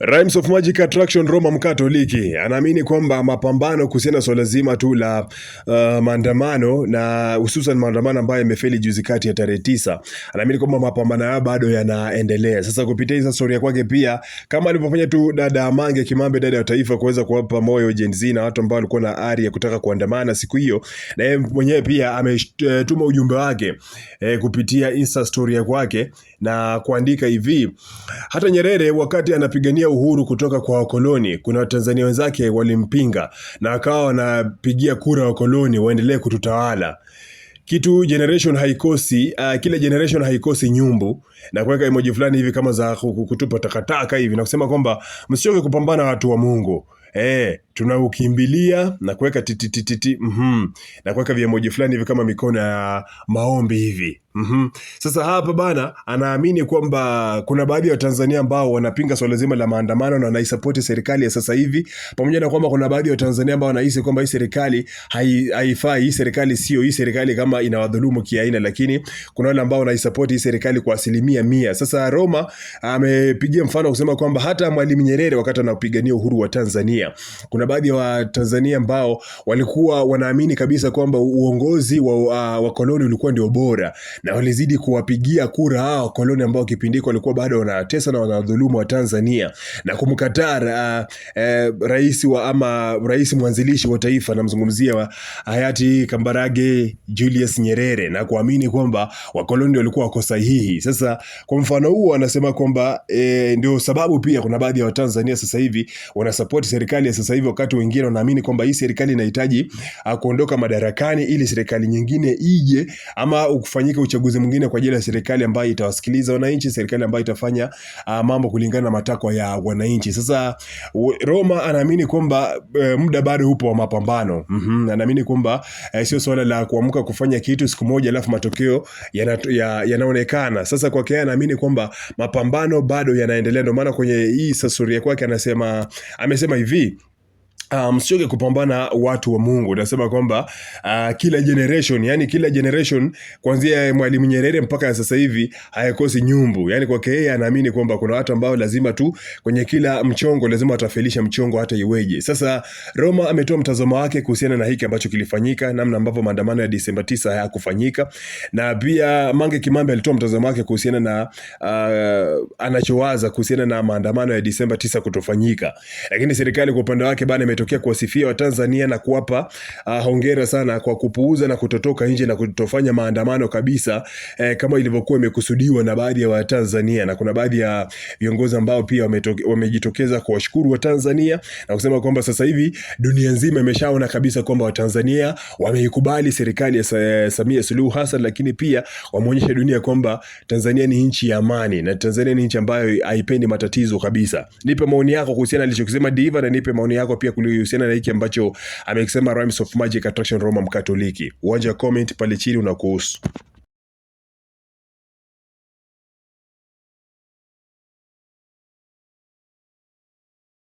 Rhymes of Magic Attraction Roma Mkatoliki anaamini kwamba mapambano kuhusiana swala zima tu la uh, maandamano na hususan maandamano ambayo yamefeli juzi kati ya tarehe tisa, anaamini kwamba mapambano hayo bado yanaendelea. Sasa kupitia hizo story kwake, pia kama alivyofanya tu dada Mange Kimambe, dada wa taifa, kuweza kuwapa moyo Gen Z na watu ambao walikuwa na ari ya kutaka kuandamana siku hiyo, na yeye mwenyewe pia ametuma ujumbe wake eh, kupitia Insta story kwake na kuandika hivi: hata Nyerere wakati anapigania kupigania uhuru kutoka kwa wakoloni, kuna Watanzania wenzake walimpinga na akawa wanapigia kura wakoloni waendelee kututawala. Kitu generation haikosi uh, ah, kila generation haikosi nyumbu na kuweka emoji fulani hivi kama za kutupa takataka hivi na kusema kwamba msichoke kupambana watu wa Mungu eh tunaukimbilia na kuweka titititi mm na kuweka viemoji fulani hivi kama mikono ya maombi hivi mm Sasa hapa bana anaamini kwamba kuna baadhi ya Watanzania ambao wanapinga swala zima la maandamano na wanaisapoti serikali ya sasa hivi, pamoja na kwamba kuna baadhi ya Watanzania ambao wanahisi kwamba hii serikali haifai, hii serikali sio hii serikali kama inawadhulumu kiaina, lakini kuna wale ambao wanaisapoti hii serikali kwa asilimia mia. Sasa Roma amepigia mfano kusema kwamba hata Mwalimu Nyerere wakati anapigania uhuru wa Tanzania kuna baadhi ya wa Watanzania ambao walikuwa wanaamini kabisa kwamba uongozi wa uh, wakoloni ulikuwa ndio bora, na walizidi kuwapigia kura hao wakoloni ambao kipindi hiko walikuwa bado wanatesa na wanadhulumu wa Tanzania na kumkataa uh, eh, rais wa ama rais mwanzilishi wa taifa, namzungumzia wa hayati Kambarage Julius Nyerere na kuamini kwamba wakoloni walikuwa wako sahihi. Sasa kwa mfano huo anasema kwamba eh, ndio sababu pia kuna baadhi ya wa Watanzania sasa hivi wanasapoti serikali ya sasa hivi wakati wengine wanaamini kwamba hii serikali inahitaji uh, kuondoka madarakani ili serikali nyingine ije ama ukufanyike uchaguzi mwingine kwa ajili ya serikali ambayo itawasikiliza wananchi, serikali ambayo itafanya uh, mambo kulingana na matakwa ya wananchi. Sasa Roma anaamini kwamba e, muda bado upo wa mapambano. Mm -hmm. Anaamini kwamba e, sio swala la kuamka kufanya kitu siku moja alafu matokeo yanaonekana. Ya, ya sasa kwake yeye anaamini kwamba mapambano bado yanaendelea, ndio maana kwenye hii sasuria kwake anasema amesema hivi msioge um, kupambana watu wa Mungu. Nasema kwamba uh, kila generation, yani kila generation kuanzia Mwalimu Nyerere mpaka sasa hivi hayakosi nyumbu. Yani kwake yeye anaamini kwamba kuna watu ambao lazima tu kwenye kila mchongo lazima watafelisha mchongo hata iweje. Sasa Roma ametoa mtazamo wake kuhusiana na hiki ambacho kilifanyika, namna ambavyo maandamano ya Disemba 9 hayakufanyika, na pia Mange Kimambe alitoa mtazamo wake kuhusiana na uh, anachowaza kuhusiana na maandamano ya Disemba 9 kutofanyika, lakini serikali kwa upande wake bana ametokea kuwasifia Watanzania na kuwapa uh, hongera sana kwa kupuuza na kutotoka nje na kutofanya maandamano kabisa eh, kama ilivyokuwa imekusudiwa na baadhi ya Watanzania, na kuna baadhi ya viongozi ambao pia wamejitokeza kuwashukuru Watanzania na kusema kwamba sasa hivi dunia nzima imeshaona kabisa kwamba Watanzania wameikubali serikali ya eh, Samia Suluhu Hassan, lakini pia wameonyesha dunia kwamba Tanzania ni nchi ya amani na Tanzania ni nchi ambayo haipendi matatizo kabisa. Nipe maoni yako kuhusiana alichokisema Diva na nipe maoni yako pia uliohusiana na hiki ambacho amekisema Rhymes of Magic Attraction Roma Mkatoliki. Uwanja wa comment pale chini unakuhusu.